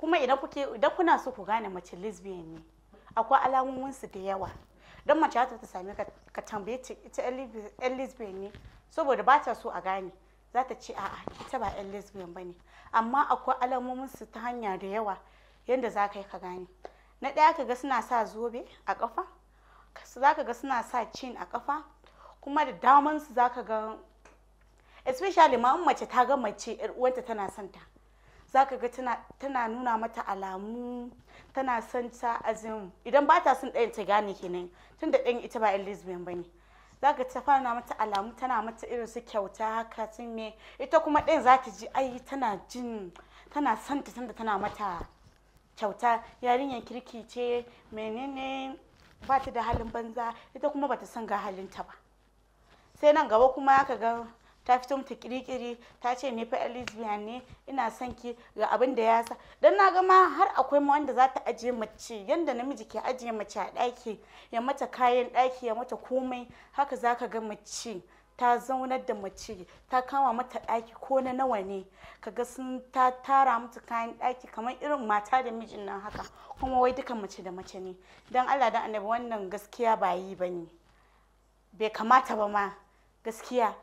kuma idan kuke idan kuna so ku gane mace lesbian ne akwai alamomin su da yawa don mace ta ta same ka ka tambaye ta ita yan lesbian ne saboda ba ta so a gane za ta ce a'a ita ba yan lesbian bane amma akwai alamomin su ta hanya da yawa yanda za ka yi ka gane na ɗaya ka ga suna sa zobe a ƙafa za ka ga suna sa cin a ƙafa kuma da damansu su za ka ga especially ma mace ta ga mace uwanta tana son ta za ka ga tana nuna mata alamu tana son ta azin idan ba ta son ɗayan ta gane kenan tunda ɗayan ita ba yan lesbian ba ne za ka ta fara mata alamu tana mata irin su kyauta haka sun me ita kuma ɗayan za ta ji ai tana jin tana son ta tunda tana mata kyauta yarinyar kirki ce menene ba ta da halin banza ita kuma ba ta son ga halinta ba sai nan gaba kuma ka ga ta fito mata kirikiri ta ce ni fa lesbian ne ina son ki ga abin da ya sa dan na ga ma har akwai ma wanda za ta ajiye mace yadda namiji ke ajiye mace a ɗaki ya mata kayan ɗaki ya mata komai haka zaka ga mace ta zaunar da mace ta kama mata ɗaki ko na nawa ne kaga sun ta tara mata kayan ɗaki kamar irin mata da mijin nan haka kuma wai dukan mace da mace ne don allah da annabi wannan gaskiya ba yi ba ne bai kamata ba ma gaskiya